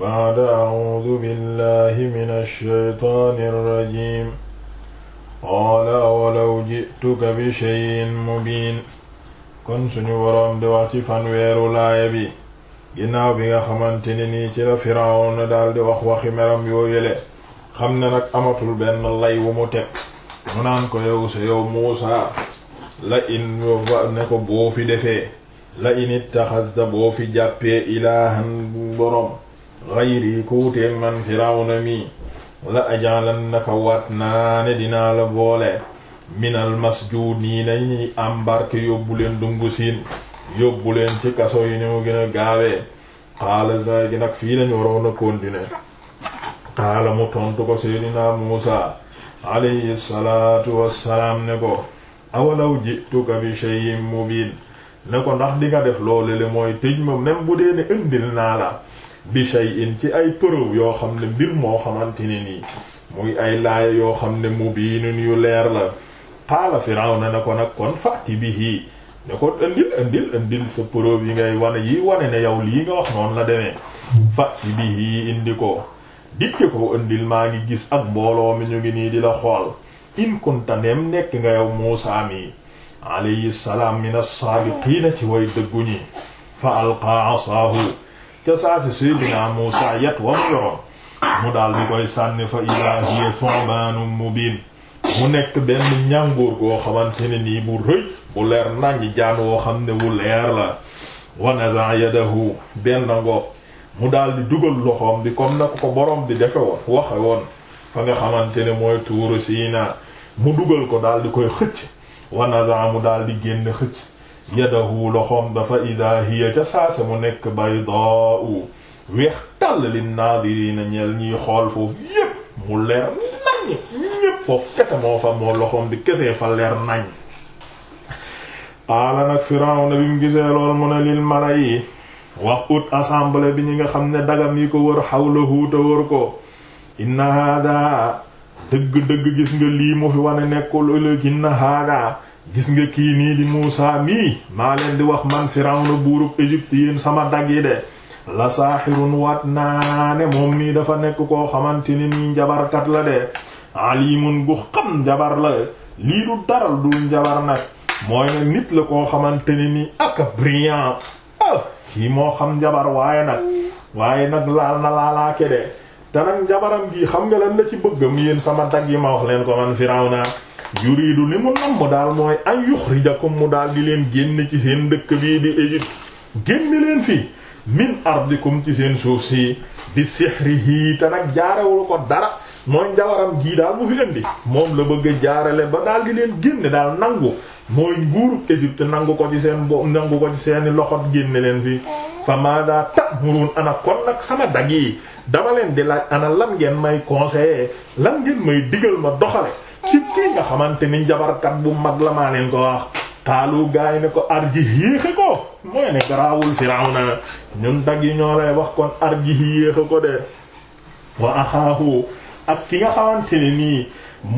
ba'da a'uudu billahi mina shaytaani rajiim qaala walaw ji'tuka bi shay'in mubiin kon suñu waroon di wax ci fanweeru laaya bi ginnaaw bi nga xamante ne nii ci la Firawna daal wax waxi meram yoo yële xam ne nag amatul benn lay wu mu teg mu naan ko yow sa yow Muusaa la in ne ko boo fi defee la in ittaxadta boo fi jàppee ilaahan boroom xayri ku wuteeg man firawna mi la ajalannaka waat naa ne dinaa la boole minal masjuuniin nañuy embarqué yóbbu leen dungu siin yóbbu leen ci kaso yi ni mu gën a gaawee xaala sa gi nag fii lañu waroon a continuer xaala mu tontu ko seydinaa Muusa alayhi salaatu wassalaam ne ko awalaw jituka bi shay'in mubiin ne ko ndax di def loolu le mooy tëj ma même bu dee ne indil naa la bi shay'in ci ay preuve yoo xam ne mbir moo xamante ne nii muy ay laaya yoo xam ne mubiinun yu leer la qaala Firawna ne ko nag kon fàtti bihi ne ko indil indil indil sa preuve yi ngay wane yi wane ne yow lii nga wax noonu la demee fàtti bihi indi ko dikke ko indil maa ngi gis ak mbooloo mi ñu ngi nii di la xool in kunta neem nekk nga yow Muusaa mi alayhi salaam min as ci way dëgguñi fa alqaa asaahu ca saa si Seydina Muusaa yat wa mu yoroon mu daal di koy sànni fa idaa hiya subaanun mubiin mu nekk benn ñàngoor goo xamante ni nii bu rëy bu leer nàññi jaan woo xam ne wu leer la wa nazaa yadahu benn ngoog mu daal di dugal loxoom bi comme na ko ko borom bi defe woon waxe woon fa nga xamante ne mooy tuuru Siina mu dugal ko daal di koy xëcc wa mu dal di génn xëcc yadahu loxoom dafa ida hiya ca saase mu nekk baydaa'u weex tàll lin naadirina ñeel ñiy xool foofu yépp mu leer nañ ñépp foofu kese moo fa moo loxoom di kese fa leer nañ qaala nag Firawna bi mu gisee lool mu ne lil mala yi wax ut assemblée bi ñi nga xam ne dagam yi ko wër xawlahu te wër ko inna haada dëgg-dëgg gis nga lii mu fi wane nekkul ëllëg inna haada gis nga kii nii di Muusaa mii maa leen di wax man Firawna buurub Égypte yéen sama dag yi de la saaxirun waat naa ne moom nii dafa nekk koo xamante ne nii njabarkat la de alimun gu xam njabar la lii du daral du njabar nag mooy ne nit la koo xamante ne nii ak brillant ah kii moo xam njabar waaye nag waaye nag laal na laalaake de te nag njabaram gii xam nga lan la ci bëggam yéen sama dag yi ma wax leen ko man Firawna yuridu li mu namm daal mooy an yuxrijakum mu daal di leen génn ci seen ndëkk bii di Égypte génn leen fii min ardikum ci seen suuf si di sihrihi te nag jaarewul ko dara mooy njawaram gii daal mu fi indi moom la bëgg a jaarale ba daal di leen génne daal nangu mooy nguurub Égypte nangu ko ci seen bo nangu ko ci seeni loxot génne leen fii fa maada ta'murun ana kon nag sama dag yi dama leen di laaj ana lan ngeen may conseiller lan ngeen may digal ma doxale yi nga xamante ni njabarkat bu mag la maa leen ko wax taalu gaay ne ko arji yéexe ko mooy ne garaawul Firawna ñun dag yi ñoo lay wax kon arji yéexe ko de wa axaahu ak ki nga xamante nii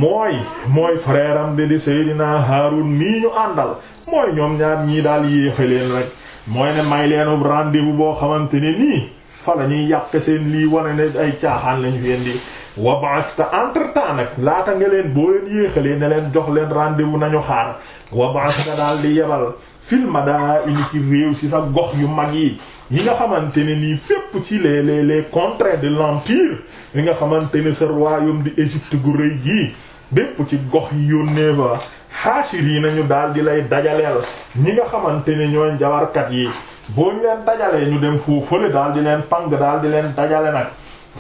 mooy mooy frère am di Seydina Haarun nii ñu àndal mooy ñoom ñaar ñii daal yéexe leen rek mooy ne may leenu rendez-vous boo xamante ne nii fa la ñuy yàq seen lii wane ne ay caaxaan lañu fi wabasta entre temps nag laata nga leen boo leen yéexalee ne leen jox leen rendez-vous nañu xaar wabasta daal di yebal fil madaa'ini ci réew si sa gox yu mag yi yi nga xamante ni nii fépp ci les les les contrées de l'empire yi nga xamante ne sa royaume di Égypte gu rëy gi bépp ci gox yi yónnee fa xaashir yi nañu daal di lay dajaleel ñi nga xamante ne ñooy njabarkat yi boo ñu leen dajalee ñu dem foofu fële daal leen pang daal di leen dajale nag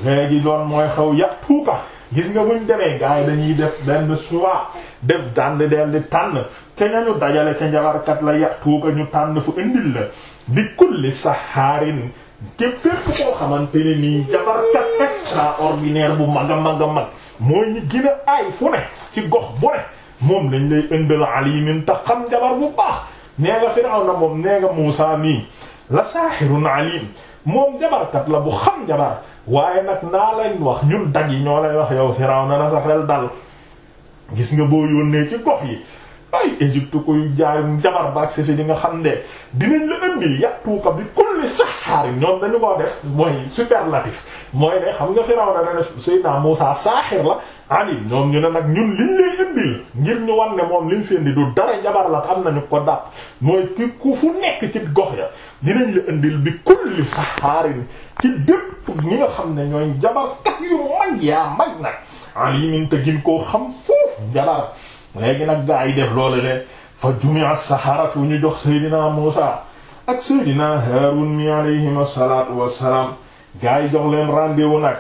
léegi loolu mooy xaw yàq tuuka gis nga buñ demee gars yi dañuy def benn choix def dànd deel di tànn ca ñañu dajale ca njabarkat la yàq tuuka ñu tànn fu indil la di kulli saxaarin képp képp koo xamante ne nii jabarkat extraordinaire bu mag a mooy ñi gën a fu ne ci gox bu ne moom lañ lay indil alimin tax xam jabar bu baax nee nga Firawna moom nee Muusaa mii la saaxirun alim moom jabarkat la bu xam jabar waaye nag naa lañ wax ñun dag ñoo lay wax yow Firawna na sa xel dal gis nga boo yónnee ci gox yi ay Égypte koy jaayum jabar baak sa fi di nga xam ne dinañ la ëndil yàttuuka bi ko li saxaar yi ñoom dañu koo superlatif mooy ne xam nga Firawna dana Seydina Muusaa saaxir la alim ñoom ñu ne nag ñun liñ lay ñu wan ne moom liñ fi du dara jabar la am nañu ko dàpp mooy ki ku fu nekk ci gox ya dinañ la indil bi kulli saxaarin ci dépp ñi nga xam ne ñooy jabarkat yu mag yaa mag nag alimin te gin koo xam foofu jabar léegi nag gaa yi def loolu de fa jumi'a saxaaratu ñu jox Seydina Muusaa ak seydina haarun mi alayhim asalaatu wassalaam gaa yi jox leen rendez-vous nag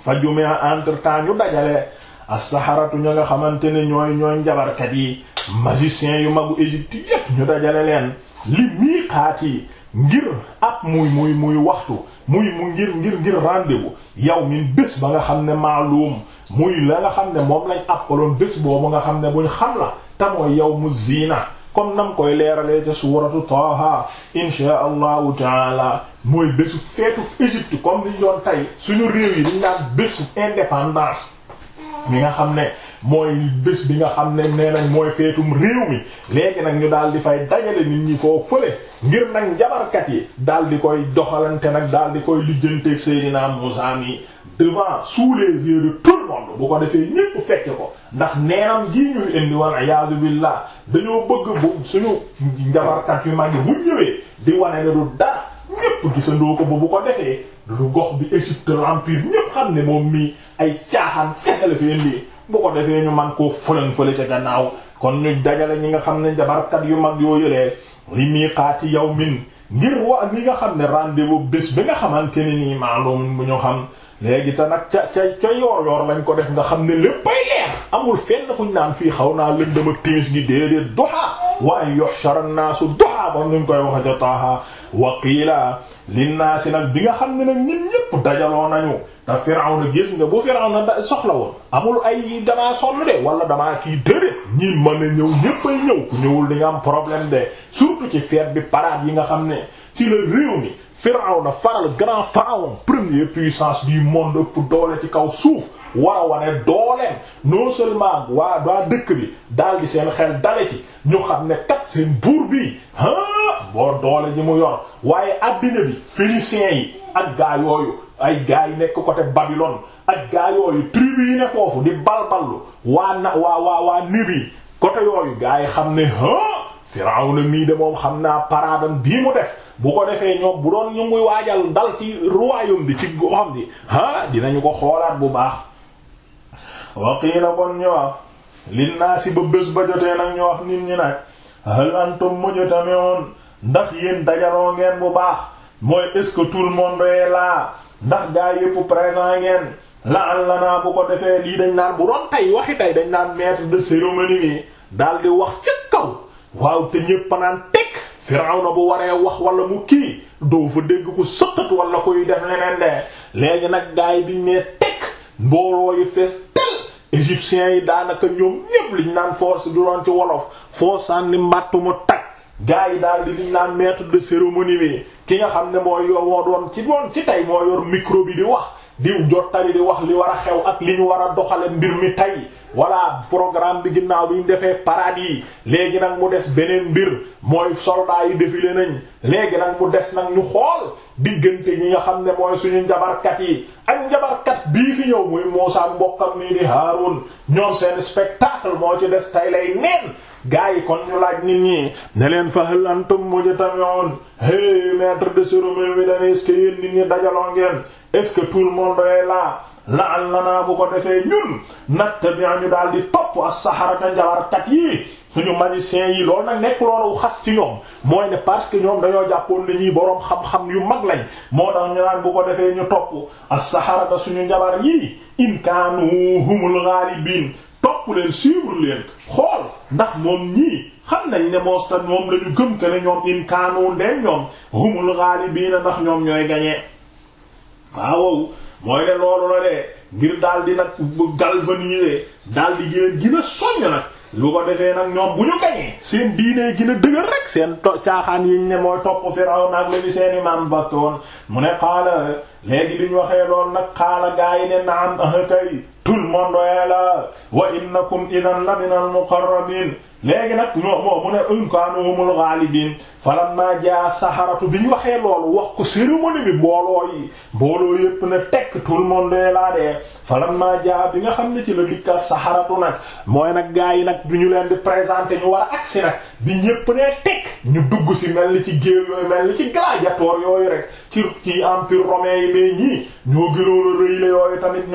fa jumea entre temps ñu dajale assaharatu ña nga xamante ne ñooy ñooy njabarkat yi magiciens yu magu Égypte yépp ñu dajale leen li miiqaat yi ngir ab muy muy muy waxtu muy mu ngir ngir ngir rendez yow min bés ba nga xam ne maalum muy la nga xam ne moom lañ àppaloon bés boobu nga xam ne buñ xam la te yow mu ziina kon nam koy leeralee ca suuratu Taaha insha allahu taala mooy bésu feetu Égypte comme niñ doon tey suñu réew yi dañ naan bésu indépendance mi nga xam ne mooy bés bi nga xam ne nee nañ mooy feetum réew mi léegi nag ñu daal di fay dajale nit ñi foo fële ngir nag njabarkat yi daal di koy doxalante nag daal di koy lijjanteeg Seydina Musaa mi devant sous les yeux de tout le monde bu ko defee ñépp fekke ko ndax neenam gii ñuy indi wal iyaadu billah dañoo bëgg bu suñu njabarkat yu mag yi bu ñëwee di wane ne du dara ñépp gisandoo ko ba bu ko defee du gox bi Égypte l'empire ñépp xam ne moom mii ay caaxaan kese la fi indi bu ko defee ñu man koo fëlan fële ca gannaaw kon ñu dajale ñi nga xam ne njabarkat yu mag yoo yëlee li yow yawmin ngir wa ñi nga xam ne rendez-vous bés bi nga xamante ne nii maalum bu ñu xam léegi te nag ca ca ca yoor yoor ko def nga xam ne léppay leer amul fenn fuñ naan fii xaw naa lëndëm ak timis gi déedéet duha wa an yuhshara an-naasu duhaa bam nuñ koy waxa ca Taaha wa qiila linnaasi nag bi nga xam ne nag nit ñépp dajaloo nañu te Firawna gis nga bu Firawna da soxla amul ay damaa sonn de wala damaa kii dëre ñi mën a ñëw ñépp ku ñëwul di nga am problème de surtout ci fête bi parade yi nga xam ne ci la réew mi Firawna faral grand pharaon première puissance du monde ëpp doole ci kaw suuf war a wane dooleem non seulement waa waa dëkk bi daal di seen xel dale ci ñu xam ne kat seen buur bi ah boo doole ji mu yor waaye addina bi phéniciens yi ak gaa yooyu ay gaa yi nekk côté Babylone ak gaa yooyu tribu yi ne foofu di balballu waa na waa waa waa yi côté yooyu gaa yi xam ne ah Firawna mii de moom xam naa paraadam bii mu def bu ko defee ñoom bu doon ñu ngi waajal dal ci royaume bi ci goxam bi ah dinañu ko xoolaat bu baax. waqiila kon ñu wax linnaasi ba bés ba jotee nag ñu wax nit ñi nag hal antum mujtami'un ndax yéen dajaloo ngeen bu baax mooy est-ce que tout le monde est là ndax gaa yépp présent ngeen la'allana bu ko defee lii dañ naan bu doon tey waxi tey dañ naan maître de cérémonie bi daal di wax ca kaw waaw te ñépp naan teg Firawna bu waree wax wala mu kii doo fa dégg ku sëqat wala kuy def leneen de léegi nag gaa yi biñ nee teg mbooloo yi fees tel égyptiens yi daanaka ñoom ñépp liñ naan force du doon ci wolof foo sànni mbàtt mu tag gars yi daal di liñ naan maître de cérémonie bi ki nga xam ne mooy moo doon ci doon ci tey moo yor micro bi di wax di jottali di wax li war a xew ak li ñu war a doxale mbir mi tey voilà programme bi ginnaaw bi ñu defee parade yi léegi nag mu des beneen mbir mooy soldats yi défilé nañ léegi nag mu des nag ñu xool diggante ñi nga xam ne mooy suñu njabarkat yi ak njabarkat bii fi ñëw muy Muusaa mbokkam nii di Haarun ñoom seen spectacle moo ci des tay lay neen gaa yi kon ñu laaj nit ñi ne leen fa hal antum mujtami'un hey maître de cérémonie bi dane est-ce que yéen nit ñi dajaloo ngeen est-ce que tout le monde est là bu ko defee ñun nattabi'u ñu daal di topp as-saharata njabarkat yi suñu magicien yi loolu nag nekk loolu xas ci ñoom mooy ne parce que ñoom dañoo jàppoon ne ñii boroom xam-xam yu mag lañ moo tax ñu naan bu ko defee ñu topp as-saharata suñu njabar yii in kaanu humul ghalibin topp leen suivre leen xool ndax moom ñii xam nañ ne moosta moom la gëm que ne ñoom in kaanu ñoom humul ghalibin ndax ñoom ñooy gañee waaw mooy ne loolu la de ngir daal di nag galvaniser daal di gën soññ nag lu ko defee nag ñoom bu ñu gañee seen diine gën a dëgër rek seen caaxaan yiñ ne mooy topp firaw nag la ñu seen imaam bakkoon mu ne xaala léegi bi ñu waxee lool nag xaala gaa yi ne naam ah yi tout le monde est là wa innakum idan la min al muqarrabin léegi nag ñoo moo mu ne in kaanu humul ghalibin falamma jaa saharatu bi ñu waxee loolu wax ko cérémonie bi mbooloo yi mbooloo yépp ne tekk tout le monde est là de jaa bi nga xam ne ci la dikka saharatu nag mooy nag gaa yi nag du ñu leen di présenter ñu war a agsi nag bi ñépp ne tekk ñu dugg si mel ni ci géew yooyu mel ni ci gladiateur yooyu rek ci ci empire romain yi mais ñii ñoo gënoon la yooyu tamit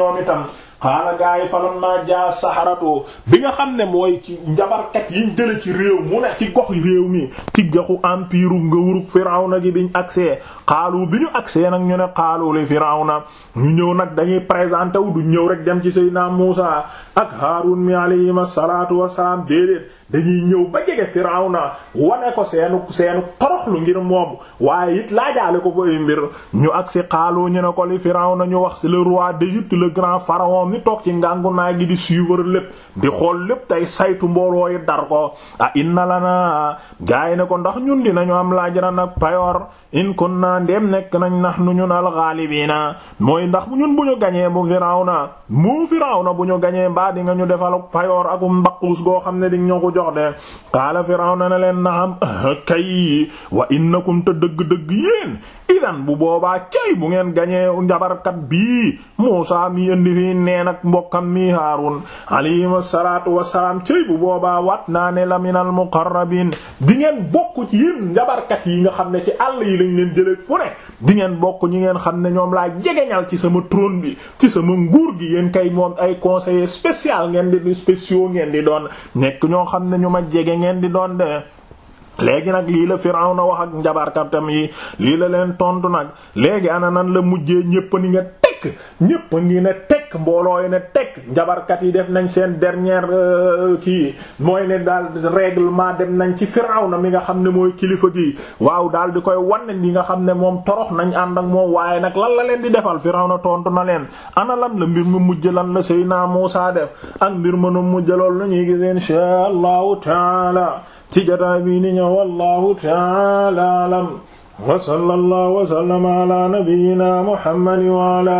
xaala gaa yi falam naa jaa saxaratoo bi nga xam ne mooy ci njabarkat yiñ jële ci réew mu ne ci gox réew mi ci goxu empire nga wurug Firawna gi biñ agsee xaalu bi ñu agsee nag ñu ne xaalu li Firawna ñu ñëw nag dañuy présenté wu du ñëw rek dem ci Seydina Muusa ak Haarun mi alayhi salaatu wassalaam déedéet dañuy ñëw ba jege Firawna wane ko seenu seenu toroxlu ngir moom waaye it laajaale ko fa ay mbir ñu agsi xaalu ñu ne ko li Firawna ñu wax le roi ñoom ñi toog ci ngàngu naa gi di suivre lépp di xool lépp tey saytu mbooloo yi dar ko a inna lana gaa yi ne ko ndax ñun di nañu am laajran ak payoor in kunna ndem nekk nañ nax nu ñu ñun alxaalibiina mooy ndax ñun bu ñu gañee bu Firawna mu na bu ñu gañee mbaa di nga ñu defal payoor ak mbaqus goo xam ne di ñoo ko jox de qaala na ne leen naam ah, kay wa innakum te dëgg-dëgg yéen idan bu boobaa cay bu ngeen gañee njabarkat bii Muusaa nee nag mbokkam mi Haarun alayhim asalaatu wasalaam cëy bu boobaa wat naa ne la minal muqarrabin di ngeen bokk ci yéen njabarkat yi nga xam ne ci àll yi lañ leen jëlee fu ne di ngeen bokk ñi ngeen xam ne ñoom laa jegeñal ci sama trône bi ci sama nguur gi yéen kay moom ay conseiller spécial ngeen di spéciaux ngeen di doon nekk ñoo xam ne ñu ma jege ngeen di doon de léegi nag lii la na wax ak njabarkatam yi lii la leen tontu nag léegi ana nan la mujjee ñépp ni tekk mbooloo yi ne tek njabarkat yi def nañ seen dernière euh, ki mooy ne daal ma dem nañ ci Firawna mi nga xam ne mooy kilifa gi waaw daal di koy wanne li nga xam ne moom torox nañ ànd ak moom waaye nag lan la leen di defal Firawna tontu na leen ana lan la mbir mu mujj lan la Seydina Muusaa def ak mbir mu nu mujj lool lu ñuy gis inshaa Allahu taala ci jataa bi ni ñëw wallahu taala alam wa sallallahu wa sallama ala nabiyyina Muhammad wa ala